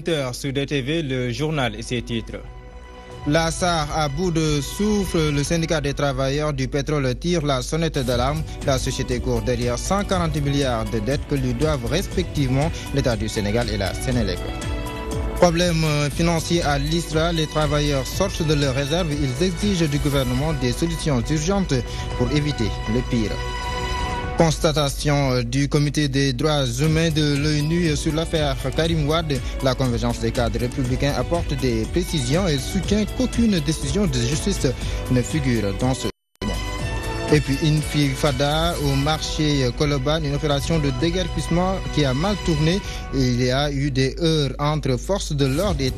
20h sur DTV, le journal et ses titres. La SAR à bout de souffle, le syndicat des travailleurs du pétrole tire la sonnette d'alarme. La société court derrière 140 milliards de dettes que lui doivent respectivement l'État du Sénégal et la Sénélec. Problème euh, financier à l'ISRA, les travailleurs sortent de leurs réserves. Ils exigent du gouvernement des solutions urgentes pour éviter le pire. Constatation euh, du comité des droits humains de l'ONU sur l'affaire Karim Wad. La convergence des cadres républicains apporte des précisions et soutient qu'aucune décision de justice ne figure dans ce et puis une fada au marché Coloban, une opération de déguerpissement qui a mal tourné. Il y a eu des heurts entre forces de l'ordre et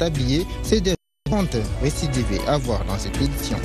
C'est des comptes récidivés à voir dans cette édition.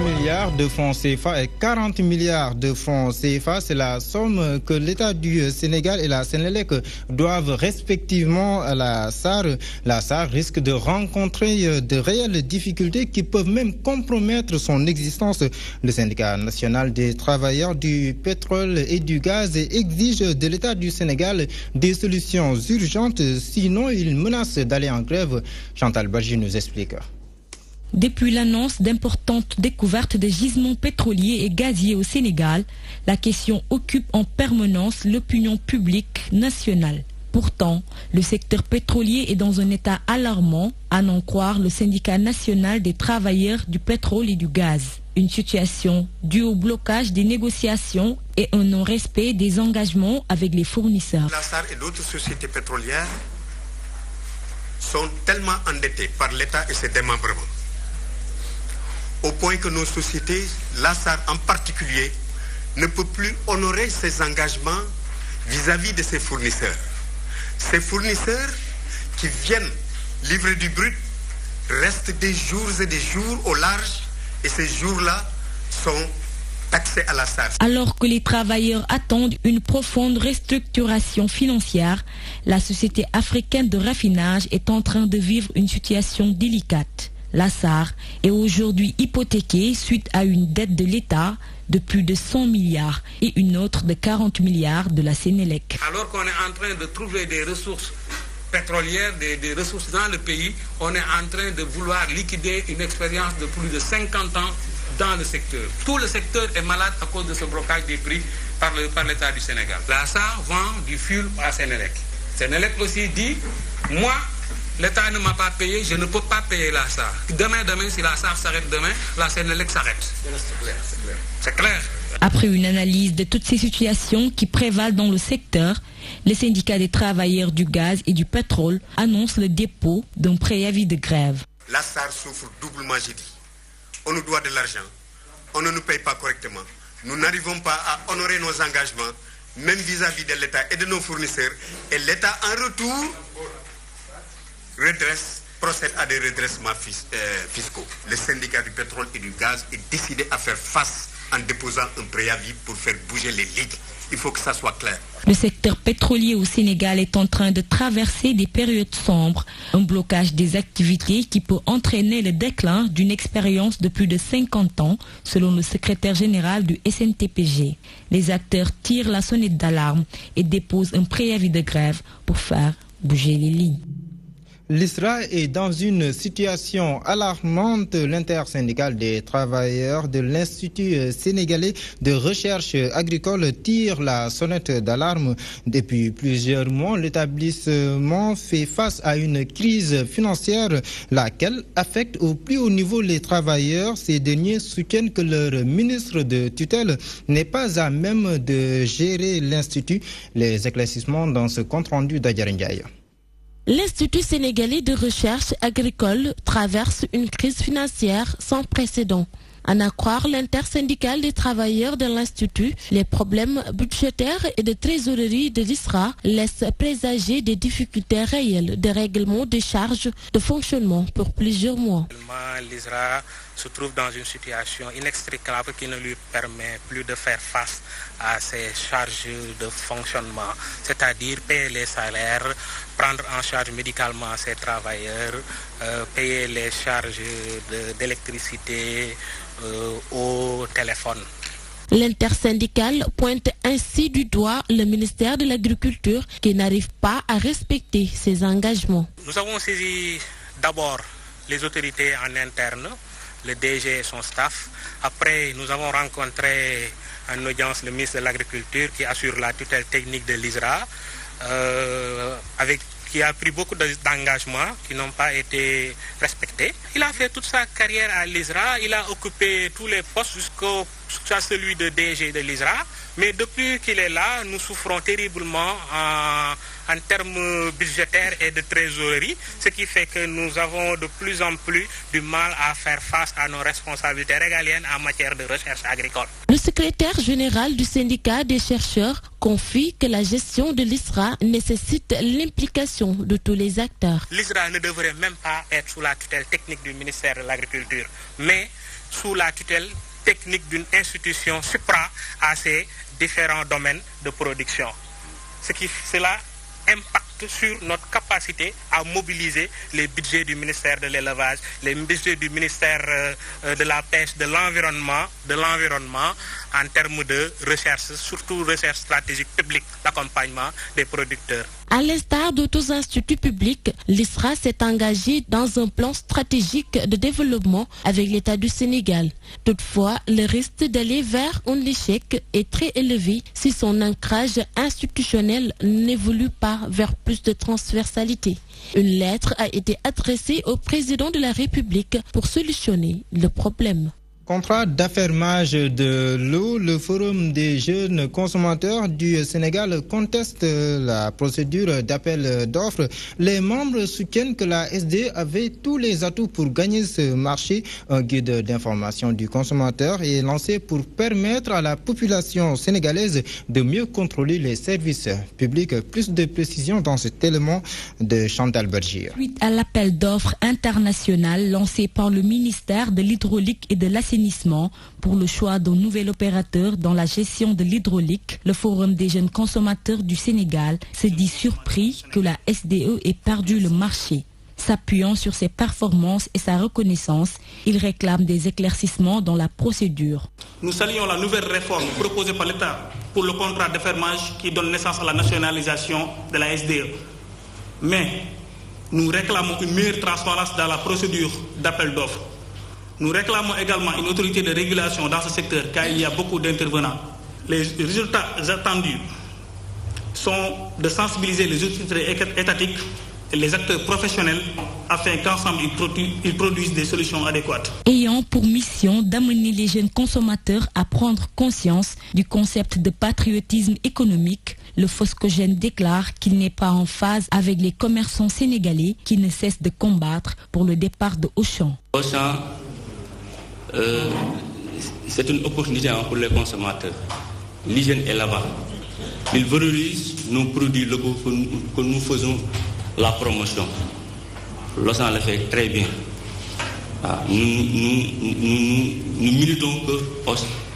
milliards de fonds CFA et 40 milliards de fonds CFA, c'est la somme que l'État du Sénégal et la Sénélec doivent respectivement à la SAR. La SAR risque de rencontrer euh, de réelles difficultés qui peuvent même compromettre son existence. Le syndicat national des travailleurs du pétrole et du gaz exige de l'État du Sénégal des solutions urgentes, sinon il menace d'aller en grève. Chantal Bajie nous explique. Depuis l'annonce d'importantes découvertes de gisements pétroliers et gaziers au Sénégal, la question occupe en permanence l'opinion publique nationale. Pourtant, le secteur pétrolier est dans un état alarmant, à n'en croire le syndicat national des travailleurs du pétrole et du gaz. Une situation due au blocage des négociations et un non-respect des engagements avec les fournisseurs. La SAR et d'autres sociétés pétrolières sont tellement endettées par l'État et ses démembrements au point que nos sociétés, la en particulier, ne peut plus honorer ses engagements vis-à-vis de ses fournisseurs. Ces fournisseurs qui viennent livrer du brut restent des jours et des jours au large et ces jours-là sont taxés à la Alors que les travailleurs attendent une profonde restructuration financière, la société africaine de raffinage est en train de vivre une situation délicate la SAR est aujourd'hui hypothéquée suite à une dette de l'État de plus de 100 milliards et une autre de 40 milliards de la Sénélec. Alors qu'on est en train de trouver des ressources pétrolières, des, ressources dans le pays, on est en train de vouloir liquider une expérience de plus de 50 ans dans le secteur. Tout le secteur est malade à cause de ce blocage des prix par l'État par du Sénégal. La SAR vend du fuel à Sénélec. Sénélec aussi dit, moi, L'État ne m'a pas payé, je ne peux pas payer la SAR. Demain, demain, si la SAR s'arrête demain, la s'arrête. C'est clair. Après une analyse de toutes ces situations qui prévalent dans le secteur, les syndicats des travailleurs du gaz et du pétrole annoncent le dépôt d'un préavis de grève. La SAR souffre doublement, j'ai dit. On nous doit de l'argent, on ne nous paye pas correctement. Nous n'arrivons pas à honorer nos engagements, même vis à -vis de l'État et de nos fournisseurs. Et l'État, en retour, redresse, procède à des redressements euh, fiscaux. Le syndicat du pétrole et du gaz est décidé à faire face en déposant un préavis pour faire bouger les ligues. Il faut que ça soit clair. Le secteur pétrolier au Sénégal est en train de traverser des périodes sombres, un blocage des activités qui peut entraîner le déclin d'une expérience de plus de 50 ans, selon le secrétaire général du SNTPG. Les acteurs tirent la sonnette d'alarme et déposent un préavis de grève pour faire bouger les lignes. L'ISRA est dans une situation alarmante. L'intersyndicale des travailleurs de l'Institut sénégalais de recherche agricole tire la sonnette d'alarme. Depuis plusieurs mois, l'établissement fait face à une crise financière, laquelle affecte au plus haut niveau les travailleurs. Ces derniers soutiennent que leur ministre de tutelle n'est pas à même de gérer l'Institut. Les éclaircissements dans ce compte-rendu d'Adjaringaïa. L'Institut sénégalais de recherche agricole traverse une crise financière sans précédent. En accroire l'intersyndical des travailleurs de l'Institut, les problèmes budgétaires et de trésorerie de l'ISRA laissent présager des difficultés réelles de règlement des charges de fonctionnement pour plusieurs mois. L'ISRA se trouve dans une situation inextricable qui ne lui permet plus de faire face à ses charges de fonctionnement, c'est-à-dire payer les salaires, prendre en charge médicalement ses travailleurs, euh, payer les charges d'électricité, euh, au téléphone. L'intersyndicale pointe ainsi du doigt le ministère de l'Agriculture qui n'arrive pas à respecter ses engagements. Nous avons saisi d'abord les autorités en interne, le DG et son staff. Après, nous avons rencontré en audience le ministre de l'Agriculture qui assure la tutelle technique de l'ISRA, euh, avec, qui a pris beaucoup d'engagements qui n'ont pas été respectés. Il a fait toute sa carrière à l'ISRA, il a occupé tous les postes jusqu'au jusqu'à celui de DG de l'ISRA, mais depuis qu'il est là, nous souffrons terriblement en en termes budgétaires et de trésorerie, ce qui fait que nous avons de plus en plus du mal à faire face à nos responsabilités régaliennes en matière de recherche agricole. Le secrétaire général du syndicat des chercheurs confie que la gestion de l'ISRA nécessite l'implication de tous les acteurs. L'ISRA ne devrait même pas être sous la tutelle technique du ministère de l'Agriculture, mais sous la tutelle technique d'une institution supra à ses différents domaines de production. Ce qui, cela impact sur notre capacité à mobiliser les budgets du ministère de l'élevage, les budgets du ministère euh, euh, de la pêche, de l'environnement, de l'environnement en termes de recherche, surtout recherche stratégique publique, l'accompagnement des producteurs. À l'instar d'autres instituts publics, l'ISRA s'est engagé dans un plan stratégique de développement avec l'État du Sénégal. Toutefois, le risque d'aller vers un échec est très élevé si son ancrage institutionnel n'évolue pas vers plus de transversalité. Une lettre a été adressée au président de la République pour solutionner le problème contrat d'affermage de l'eau, le Forum des jeunes consommateurs du Sénégal conteste euh, la procédure d'appel d'offres. Les membres soutiennent que la SD avait tous les atouts pour gagner ce marché. Un guide d'information du consommateur est lancé pour permettre à la population sénégalaise de mieux contrôler les services publics. Plus de précisions dans cet élément de Chantal Bergier. à l'appel d'offres international lancé par le ministère de l'hydraulique et de l'assainissement, pour le choix d'un nouvel opérateur dans la gestion de l'hydraulique. Le Forum des jeunes consommateurs du Sénégal se dit surpris que la SDE ait perdu le marché. S'appuyant sur ses performances et sa reconnaissance, il réclame des éclaircissements dans la procédure. Nous saluons la nouvelle réforme proposée par l'État pour le contrat de fermage qui donne naissance à la nationalisation de la SDE. Mais nous réclamons une meilleure transparence dans la procédure d'appel d'offres nous réclamons également une autorité de régulation dans ce secteur car il y a beaucoup d'intervenants. Les résultats attendus sont de sensibiliser les autorités étatiques et les acteurs professionnels afin qu'ensemble ils, produisent des solutions adéquates. Ayant pour mission d'amener les jeunes consommateurs à prendre conscience du concept de patriotisme économique, le Foscogène déclare qu'il n'est pas en phase avec les commerçants sénégalais qui ne cessent de combattre pour le départ de Auchan euh, c'est une opportunité hein, pour les consommateurs. L'hygiène est là-bas. Ils valorisent nos produits locaux que nous faisons la promotion. L'OSAN le fait très bien. Ah, nous, militons nous, nous militons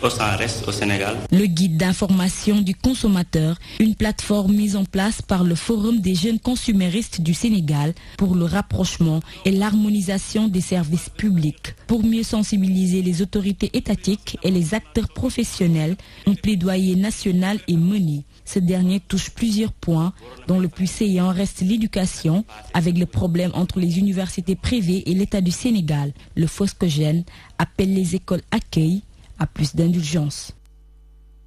au Le guide d'information du consommateur, une plateforme mise en place par le Forum des jeunes consuméristes du Sénégal pour le rapprochement et l'harmonisation des services publics. Pour mieux sensibiliser les autorités étatiques et les acteurs professionnels, un plaidoyer national est mené. Ce dernier touche plusieurs points, dont le plus saillant reste l'éducation, avec le problème entre les universités privées et l'État du Sénégal. Le FOSCOGEN appelle les écoles accueil à plus d'indulgence.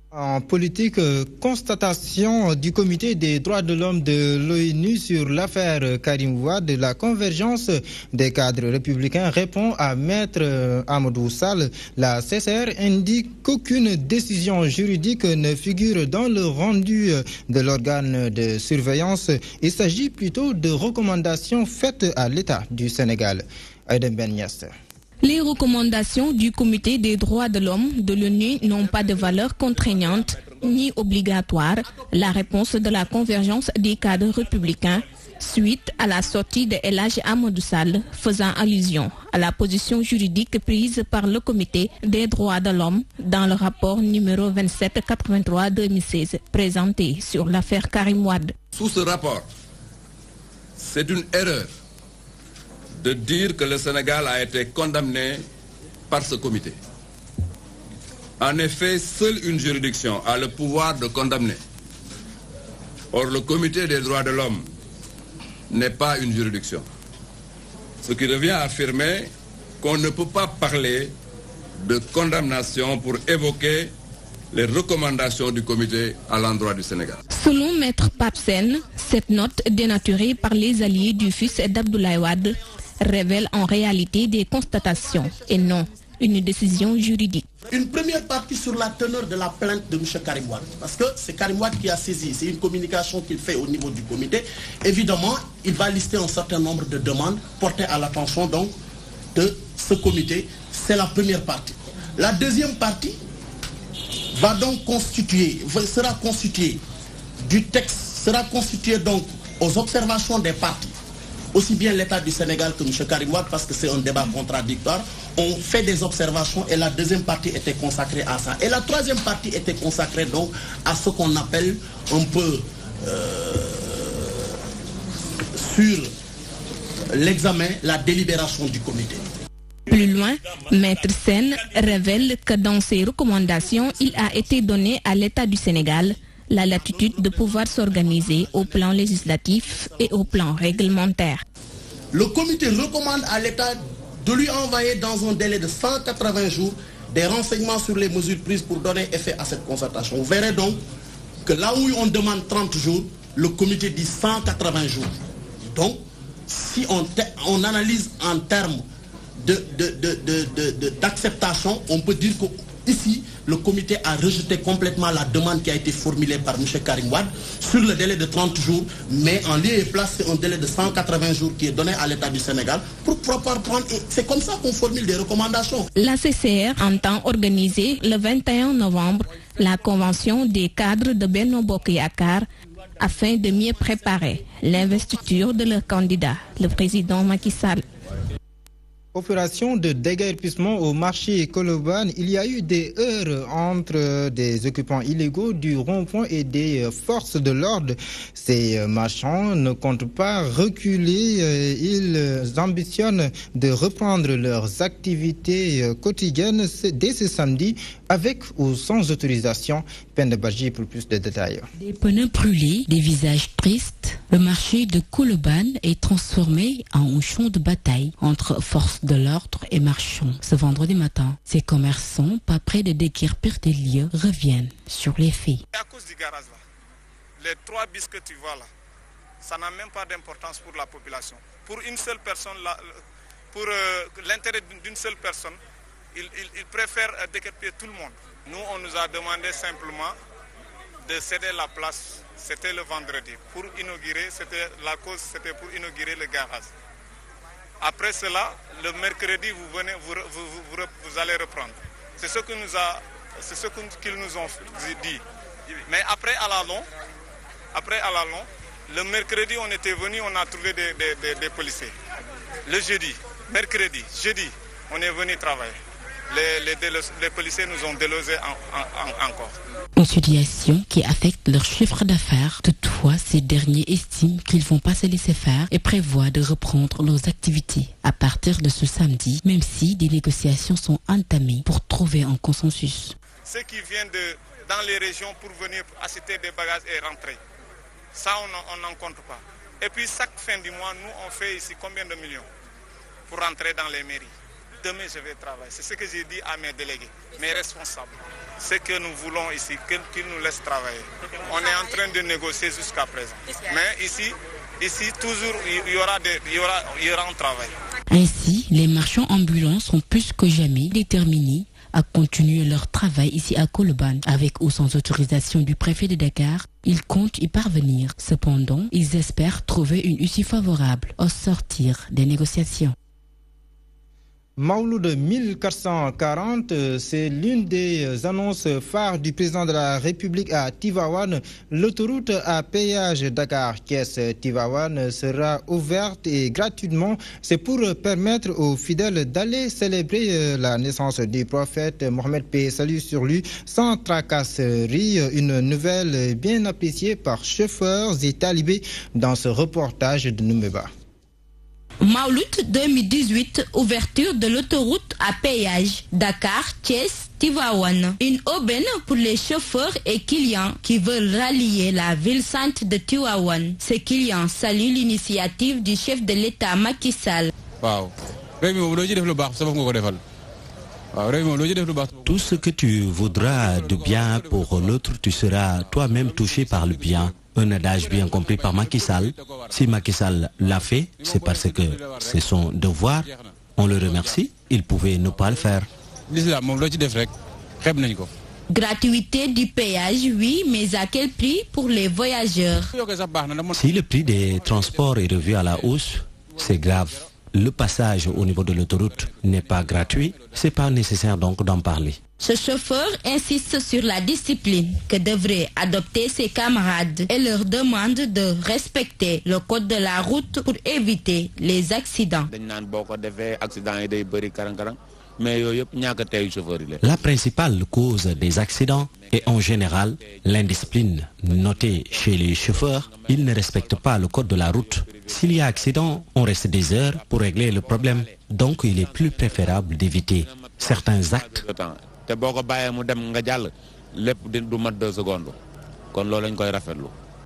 En politique, constatation du comité des droits de l'homme de l'ONU sur l'affaire Karim De la convergence des cadres républicains répond à Maître Amadou Sall. La CCR indique qu'aucune décision juridique ne figure dans le rendu de l'organe de surveillance. Il s'agit plutôt de recommandations faites à l'État du Sénégal. Ben les recommandations du Comité des droits de l'homme de l'ONU n'ont pas de valeur contraignante ni obligatoire. La réponse de la convergence des cadres républicains suite à la sortie de LH Amadoussal faisant allusion à la position juridique prise par le Comité des droits de l'homme dans le rapport numéro 2783-2016 présenté sur l'affaire Karim Wad. Sous ce rapport, c'est une erreur de dire que le Sénégal a été condamné par ce comité. En effet, seule une juridiction a le pouvoir de condamner. Or, le comité des droits de l'homme n'est pas une juridiction. Ce qui revient à affirmer qu'on ne peut pas parler de condamnation pour évoquer les recommandations du comité à l'endroit du Sénégal. Selon Maître Papsen, cette note dénaturée par les alliés du fils d'Abdoulaye Wade révèle en réalité des constatations et non une décision juridique. Une première partie sur la teneur de la plainte de M. Karimouad, parce que c'est Karimouad qui a saisi, c'est une communication qu'il fait au niveau du comité. Évidemment, il va lister un certain nombre de demandes portées à l'attention donc de ce comité. C'est la première partie. La deuxième partie va donc constituer, sera constituée du texte, sera constituée donc aux observations des parties aussi bien l'État du Sénégal que M. Karimouad, parce que c'est un débat contradictoire, ont fait des observations et la deuxième partie était consacrée à ça. Et la troisième partie était consacrée donc à ce qu'on appelle un peu euh, sur l'examen, la délibération du comité. Plus loin, Maître Sen révèle que dans ses recommandations, il a été donné à l'État du Sénégal la latitude de pouvoir s'organiser au plan législatif et au plan réglementaire. Le comité recommande à l'État de lui envoyer dans un délai de 180 jours des renseignements sur les mesures prises pour donner effet à cette concertation. On verrez donc que là où on demande 30 jours, le comité dit 180 jours. Donc, si on, analyse en termes d'acceptation, de, on peut dire qu'ici, le comité a rejeté complètement la demande qui a été formulée par M. Karim Wad sur le délai de 30 jours, mais en lieu et place, un délai de 180 jours qui est donné à l'État du Sénégal pour pouvoir prendre. C'est comme ça qu'on formule des recommandations. La CCR entend organiser le 21 novembre la convention des cadres de Benno Akar afin de mieux préparer l'investiture de leur candidat, le président Macky Sall opération de déguerpissement au marché Colobane, il y a eu des heures entre des occupants illégaux du rond-point et des forces de l'ordre. Ces marchands ne comptent pas reculer. Ils ambitionnent de reprendre leurs activités quotidiennes dès ce samedi avec ou sans autorisation. Peine de Baji pour plus de détails. Des pneus brûlés, des visages tristes, le marché de Kouloban est transformé en un champ de bataille entre forces de l'ordre et marchands. Ce vendredi matin, ces commerçants, pas près de déguerpir des lieux, reviennent sur les faits. À cause du garage là, les trois bis que tu vois là, ça n'a même pas d'importance pour la population. Pour une seule personne, euh, pour euh, l'intérêt d'une seule personne, ils, préfèrent décapiter tout le monde. Nous, on nous a demandé simplement de céder la place. C'était le vendredi. Pour inaugurer, c'était la cause, c'était pour inaugurer le garage. Après cela, le mercredi, vous, venez, vous, vous, allez reprendre. C'est ce qu'ils nous, a, ce nous ont dit. Mais après, à la longue, après, à le mercredi, on était venu, on a trouvé des, des policiers. Le jeudi, mercredi, jeudi, on est venu travailler les, policiers nous ont délosés encore. Une qui affecte leur chiffre d'affaires. Toutefois, ces derniers estiment qu'ils ne vont pas se laisser faire et prévoient de reprendre leurs activités à partir de ce samedi, même si des négociations sont entamées pour trouver un consensus. Ceux qui viennent dans les régions pour venir acheter des bagages et rentrer, ça on n'en compte pas. Et puis chaque fin du mois, nous on fait ici combien de millions pour rentrer dans les mairies demain je vais travailler. C'est ce que j'ai dit à mes délégués, mes responsables. Ce que nous voulons ici, qu'ils nous laissent travailler. On est en train de négocier jusqu'à présent. Mais ici, ici toujours, il y aura, un travail. Ainsi, les marchands ambulants sont plus que jamais déterminés à continuer leur travail ici à Colban. Avec ou sans autorisation du préfet de Dakar, ils comptent y parvenir. Cependant, ils espèrent trouver une issue favorable au sortir des négociations. Maoulou de 1440, c'est l'une des annonces phares du président de la République à Tivawan. L'autoroute à péage Dakar-Kies-Tivawan sera ouverte et gratuitement. C'est pour permettre aux fidèles d'aller célébrer euh, la naissance du prophète Mohamed P. Salut sur lui sans tracasserie. Une nouvelle bien appréciée par chauffeurs et talibés dans ce reportage de Noumeba. Maulout 2018, ouverture de l'autoroute à péage. Dakar, Thiès, Tivaouane. Une aubaine pour les chauffeurs et clients qui veulent rallier la ville sainte de Tivaouane. Ces clients saluent l'initiative du chef de l'État Macky Sall. Tout ce que tu voudras de bien pour l'autre, tu seras toi-même touché par le bien un adage bien compris par Macky Sall. Si Macky Sall l'a fait, c'est parce que c'est son devoir. On le remercie, il pouvait ne pas le faire. Gratuité du péage, oui, mais à quel prix pour les voyageurs Si le prix des transports est revu à la hausse, c'est grave. Le passage au niveau de l'autoroute n'est pas gratuit, c'est pas nécessaire donc d'en parler. Ce chauffeur insiste sur la discipline que devraient adopter ses camarades et leur demande de respecter le code de la route pour éviter les accidents. La principale cause des accidents est en général l'indiscipline. Notée chez les chauffeurs, ils ne respectent pas le code de la route. S'il y a accident, on reste des heures pour régler le problème. Donc il est plus préférable d'éviter certains actes.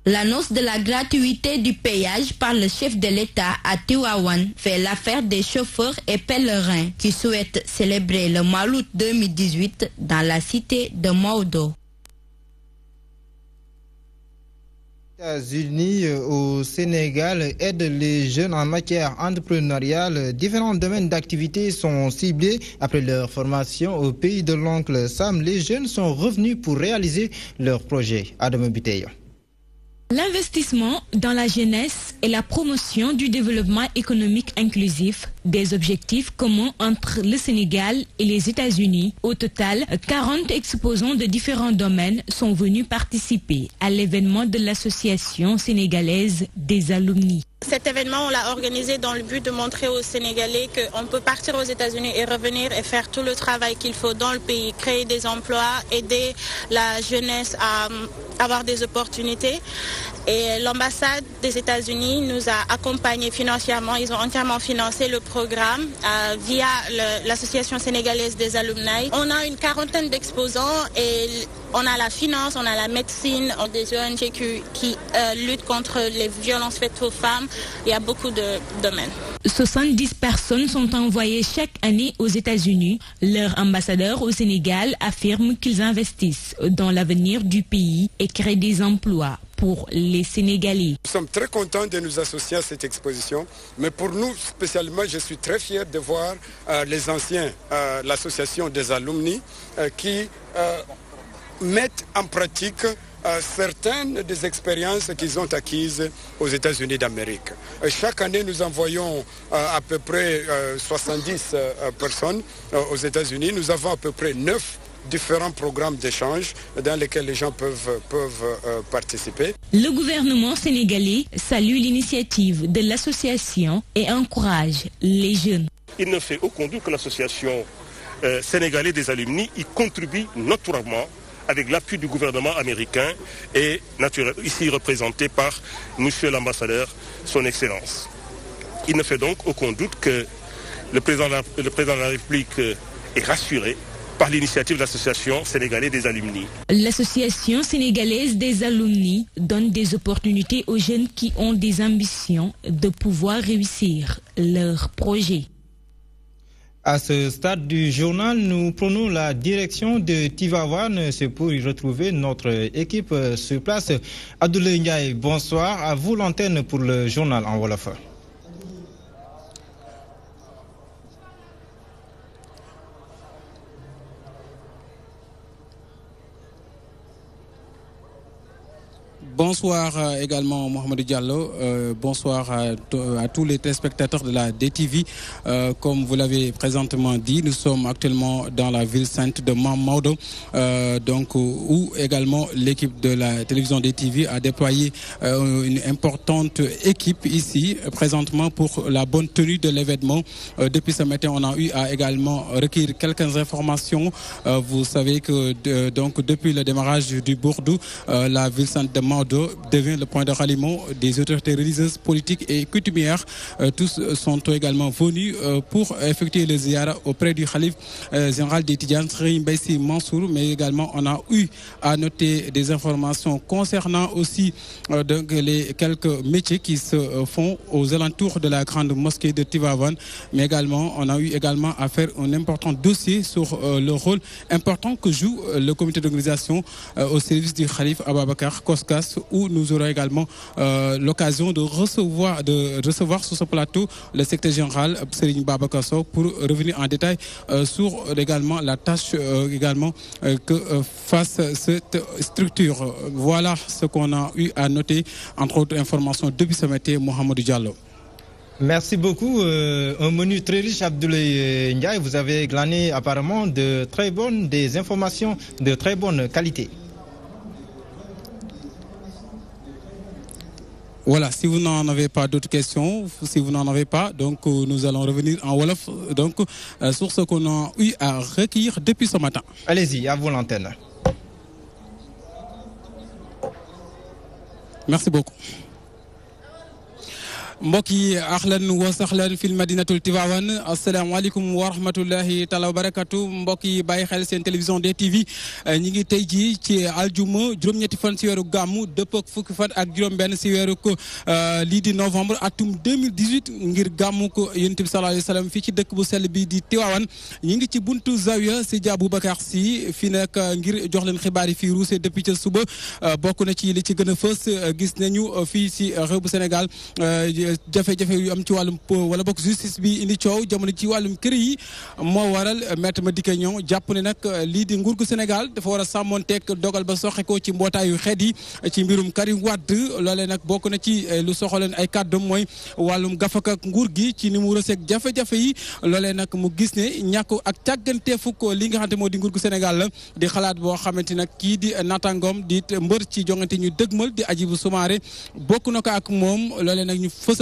L'annonce de la gratuité du péage par le chef de l'État à Tiwawan fait l'affaire des chauffeurs et pèlerins qui souhaitent célébrer le Malout 2018 dans la cité de Maudo. États-Unis euh, au Sénégal aident les jeunes en matière entrepreneuriale. Différents domaines d'activité sont ciblés. Après leur formation au pays de l'oncle Sam, les jeunes sont revenus pour réaliser leurs projets. Adam L'investissement dans la jeunesse et la promotion du développement économique inclusif des objectifs communs entre le Sénégal et les États-Unis. Au total, 40 exposants de différents domaines sont venus participer à l'événement de l'Association sénégalaise des alumni. Cet événement, on l'a organisé dans le but de montrer aux Sénégalais qu'on peut partir aux États-Unis et revenir et faire tout le travail qu'il faut dans le pays, créer des emplois, aider la jeunesse à euh, avoir des opportunités. Et l'ambassade des États-Unis nous a accompagnés financièrement. Ils ont entièrement financé le projet euh, via l'Association sénégalaise des alumni. On a une quarantaine d'exposants et on a la finance, on a la médecine, on a des ONG qui, euh, luttent contre les violences faites aux femmes. Il y a beaucoup de domaines. 70 personnes sont envoyées chaque année aux États-Unis. Leur ambassadeur au Sénégal affirme qu'ils investissent dans l'avenir du pays et créent des emplois les Nous sommes très contents de nous associer à cette exposition, mais pour nous spécialement, je suis très fier de voir euh, les anciens, euh, l'association des alumni, euh, qui mettent en pratique certaines des expériences qu'ils ont acquises aux États-Unis d'Amérique. Chaque année, nous envoyons à peu près 70 personnes aux États-Unis. Nous avons à peu près 9 différents programmes d'échange dans lesquels les gens peuvent, peuvent euh, participer. Le gouvernement sénégalais salue l'initiative de l'association et encourage les jeunes. Il ne fait aucun doute que l'association euh, sénégalaise des alumni y contribue notoirement avec l'appui du gouvernement américain et naturellement ici représenté par M. l'ambassadeur, son Excellence. Il ne fait donc aucun doute que le président de la République euh, est rassuré par l'initiative de l'Association sénégalaise des alumni. L'Association sénégalaise des alumni donne des opportunités aux jeunes qui ont des ambitions de pouvoir réussir leurs projets. À ce stade du journal, nous prenons la direction de Tivavane C'est pour y retrouver notre équipe sur place. Adoule Ndiaye, bonsoir. À vous l'antenne pour le journal en fin. Bonsoir euh, également Mohamed Diallo. Euh, bonsoir à, tous les téléspectateurs de la DTV. Euh, comme vous l'avez présentement dit, nous sommes actuellement dans la ville sainte de Mamoudo, donc où également l'équipe de la télévision DTV a déployé une importante équipe ici présentement pour la bonne tenue de l'événement. depuis ce matin, on a eu à également requérir quelques informations. vous savez que donc depuis le démarrage du Bourdou, la ville sainte de Mamoudo devient le point de ralliement des autorités religieuses, politiques et coutumières. Euh, tous sont également venus euh, pour effectuer les ziyara auprès du Khalif euh, général des Tidjans, Mansour, mais également on a eu à noter des informations concernant aussi les quelques métiers qui se font aux alentours de la grande mosquée de Tivavan, mais également on a eu également à faire un important dossier sur le rôle important que joue le comité d'organisation au service du Khalif Ababakar Koskas où nous aurons également euh, l'occasion de recevoir, de recevoir sur ce plateau le secteur général Serigne Babakasso pour revenir en détail euh, sur également la tâche euh, également que fasse cette structure. Voilà ce qu'on a eu à noter, entre autres informations depuis ce matin, Mohamed Diallo. Merci beaucoup. un menu très riche, Abdoulaye Ndiaye. Vous avez glané apparemment de très bonnes, des informations de très bonne qualité. Voilà, si vous n'en avez pas d'autres questions, si vous n'en avez pas, donc euh, nous allons revenir en Wolof euh, donc, euh, sur ce qu'on a eu à recueillir depuis ce matin. Allez-y, à vous l'antenne. Merci beaucoup. مبكي اهلا وسهلا في المدينه التيفاوان السلام عليكم ورحمه الله تعالى وبركاته مبكي باي خال سين تلفزيون دي تي في نيغي تاي تي الجوم جوم نيتي فان سيورو غامو دبوك فوك فات اك جوم بن سيورو كو لي دي نوفمبر اتوم 2018 غير غامو كو يونتي صلى الله عليه وسلم في تي دك بو سيل بي دي تيفاوان نيغي تي بونتو زاويا سي جابو بكار سي في نك غير جوخ لين خبار في روسي ديبي تي صبا بوكو نتي لي تي غنا فوس غيس نانيو في سي ريو سينيغال jafe-jafe yu am ci wàllum wala bokk justice bi indi coow jamono ci wàllum kër yi moo waral maître Madické Niang jàpp ne nag lii di nguur gu Sénégal dafa war a tek dogal ba soxe ko ci mbootaayu xeet yi ci mbirum Karim Wade loolee nag bokk na ci eh, lu soxaleen ay kàddum mooy wallum gafak nguur gi ci ni mu rëseeg jafe-jafe yi loolee nag mu gis ne ñàkk ak càgganteefu ko li nga xamante moo di nguur gu Sénégal la di xalaat boo xamante nag kii di natangoom di mbër ci jongante ñu dëgmal di Hadjibou Soumaré bokk ak moom loolee nag ñu fësal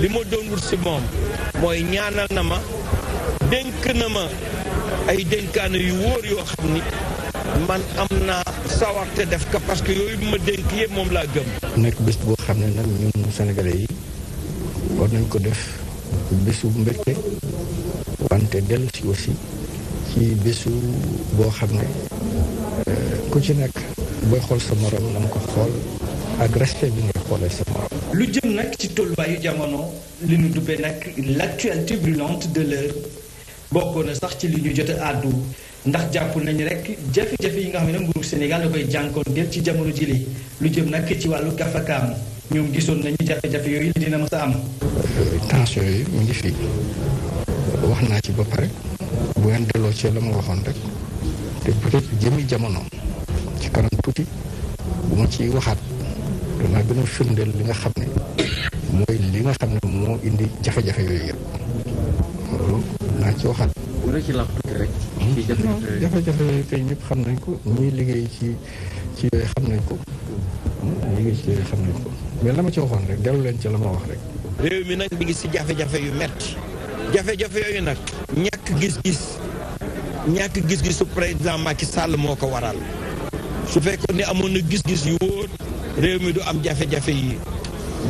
li ma doon wut si moom mooy ñaanal na ma dénk na ma ay dénkaane yu wóor yoo xam ni man am naa sawarte def ko parce que yooyu ma dénk yëpp moom laa gëm. nekk bis boo xam ne nag ñun sénégalais yi war nañ ko def bésu mbégte wante dellu si aussi ci bésu boo xam ne euh, ku ci nekk booy xool sa morom na nga ko xool ak respect bi nga connaissance. lu jëm nag ci tolluwaayu jamono li ñu dubbee nag l'actualité brûlante de l'heure bokkoon sax ci li ñu jot ndax jàpp nañ rek jafé jafé yi nga xamné ne Sénégal da koy jànkoonteel ci jamono jili lu jëm nak ci walu gafakaam ñoom gisoon nañu jafé jafé yoy li dina mës am. tension yi mu ngi fii wax naa ci ba pare bu ngeen delloo ci la ma waxoon rek te peut-être jëmi jamono ci kanam tuuti bu ma ciy waxaat. damaa gën a firndeel li nga xam ne mooy li nga xam ne moo indi jafe-jafe yooyu yëpp naa ci waxaat. Hmm? jafe-jafe yooyu kay ñëpp xam nañ ko muy liggéey ci ci yooyu xam nañ ko hmm? ñuy liggéey ci yooyu xam nañ ko mais la ma ci waxoon rek dellu leen ci la ma wax rek. réew mi nag mi ngi si jafe-jafe yu metti jafe-jafe yooyu nag ñàkk gis-gis ñàkk gis-gisu président Macky Sall moo ko waral su fekkoon ne amoon na gis-gis yu wóor réew mi du am jafe-jafe yi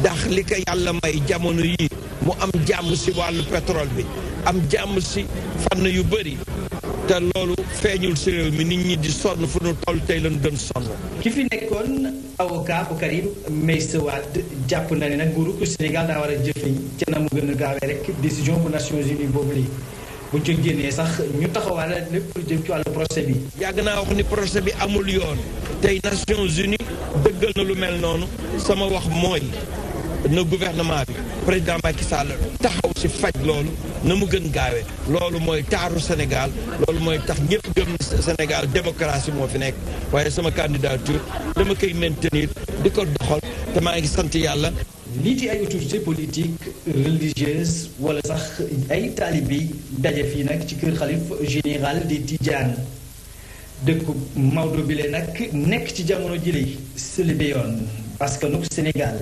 ndax li ko yàlla may jamono yi mu am jàmm si wàllu pétrole bi am jàmm si fànn yu bëri te loolu feeñul si réew mi nit ñi di sonn fu nu toll tey lañu gën sonn. ki fi nekkoon avocat bu Karim Meïssa Wade jàpp na ne nag nguuru Sénégal daa war a jëfe ci na mu gën a gaawee rek décision bu Nations Unies boobu lii bu ci génnee sax ñu taxawaale lépp jëm ci wàllu procès bi. yàgg naa wax ni procès bi amul yoon tey Nations Unies dëggal na lu mel noonu sama wax mooy na gouvernement bi président Macky Sall taxaw si faj loolu na mu gën gaawe loolu mooy taaru Sénégal loolu mooy tax ñëpp gëm Sénégal démocratie moo fi nekk waaye sama candidature dama koy maintenir di ko doxal te maa ngi sant yàlla lii di ay autorité politique religieuse wala sax ay taalibe daje fii nag ci kër xalif général des Tidianes dëkku Maodo bi le nag nekk ci jamono jile sëli bi yoon parce que nu Sénégal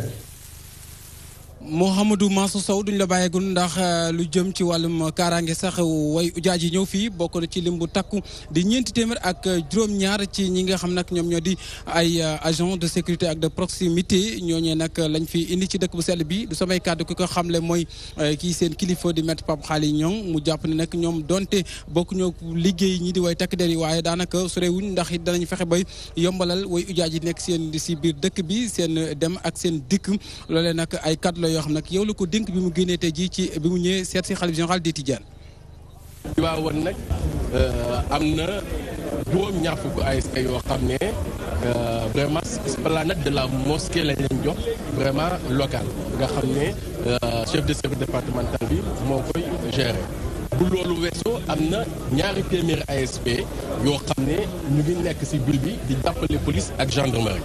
Mouhamadou Mansour Sow duñ la bàyyeegul ndax euh, lu jëm ci wàllum kaaraange sax way ujaaj yi ñëw fii bokku na ci lim bu takku di ñeenti téeméer ak juróom-ñaar ci ñi nga xam nag ñoom ñoo di ay euh, agent de sécurité ak de proximité ñooñee nag lañ fi indi ci dëkk bu sell bi samay kàddu ki ko xamle mooy euh, kii seen kilifa di maître Pape Khaly Niang mu jàpp ne nag ñoom donte bokk ñoo liggéey ñi di way takk der yi waaye daanaka sorewuñ ndax it danañ fexe bay yombalal way ujaaj yi nekk seen si biir dëkk bi seen dem ak seen dikk loolee nag ay kàddu la yoo xam nag yow lako denk bi mu guéné tey ji ci bi mu ñëwee seet si xalif général ci Tidianes. Tiwaawan nag euh, am na juróom ñaar fukk ASC yoo xam ne euh, vraiment esplanade de la mosquée la leen jox vraiment local nga xamné euh chef de service départemental bi mo koy gérer. bu lolu wesso amna ñaari téeméeri ASP yo xamné ñu ngi nekk ci biir bi di jàppale police ak gendarmerie.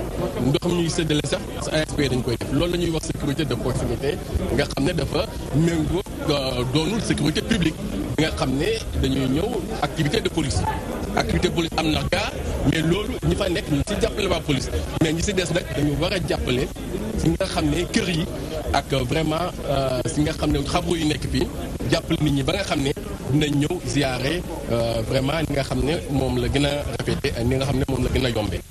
ndox mi ñuy séddale sax ASP dañ koy def loolu la ñuy wax sécurité de proximité nga xam ne dafa méngoo euh, doonul sécurité publique nga xam ne dañuy ñëw activité de police activité police am na gaa mais loolu ñi fa nekk ñi si jàppale waa police mais ñi si des nag dañu war a jàppale si nga xam ne kër yi ak vraiment si euh, nga xam ne xabru yu nekk fii jàppale nit ñi ba nga xam ne dinañ ñëw ziyaare euh, vraiment li nga xam ne moom la gën a rafete ni nga xam ne moom la gën a yombee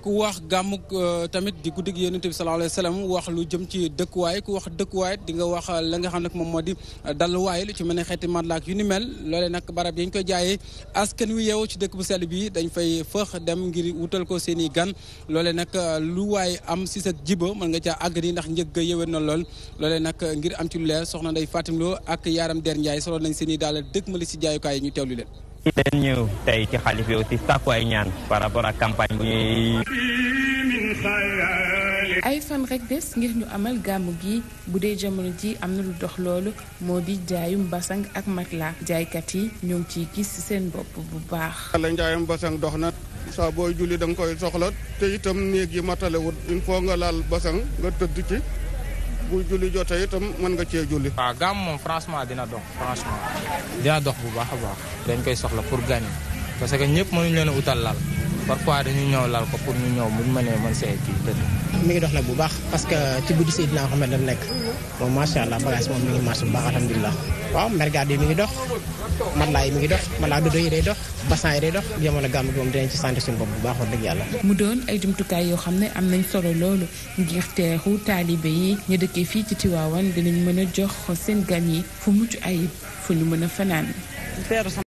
ku wax gàmmu euh, tamit di guddig yonent bi sallallahu alayhi wa wax lu jëm ci dëkkuwaay ku wax dëkkuwaay di nga wax euh, la nga xam nag moom moo di euh, dalluwaay lu ci mel ne xeeti matlaak yu ni mel loolee nag barab yañ koy jaayee askan wi yeewu ci dëkk bu sell bi dañ fay fëx dem ngir wutal ko seen i gan loolee nag lu waay am si sa jiba mën nga caa àgg ni ndax njëg yëwén na lool loolee nag ngir am ci lu leer soxna Ndeye Fatim Lo ak yaaram Der Ndiaye solo nañ seen i daal dëkk ma li si jaayukaay yi ñu teewlu leen leen ñëw tey ci xalif yi aussi sàkku ay ñaan par rapport ak campagne bu ñuy ay fan rek des ngir ñu amal gàmmu gi bu dee jamono ji am na lu dox loolu moo di jaayum basang ak mag matla jaaykat yi ñoo ngi ciy gis seen bopp bu baax la njaayum basang dox na saa booy julli da nga koy soxla te itam néeg yi matalewut il faut nga laal basang nga tëdd ci bu julli jotee itam mën nga cee julli. waaw gàmm moom franchement dina dox franchement dina dox bu baax a baax. dañ koy soxla pour gan parce que ñëpp mënuñ leen a utal lal parfois dañuy ñëw lal ko pour ñu ñëw buñ mënee mën see kii dëgg. mi ngi dox nag bu baax parce que ci guddi si dinaa xam ne dañ nekk moom macha allah bagage moom mi ngi bu baax alhamdulilah. waaw mergade yi mi ngi dox matelas yi mu ngi dox matelas dodo yi day dox bassin yi day dox jamono gàmm gi moom dinañ ci sant suñu bopp bu baax wax dëgg yàlla mu doon ay jumtukaay yoo xam ne am nañ solo loolu ngir teeru taalibe yi ñu dëkkee fii ci Tiwaawan dinañ mën a jox seen gan yi fu mucc ayib fu ñu mën a fanaan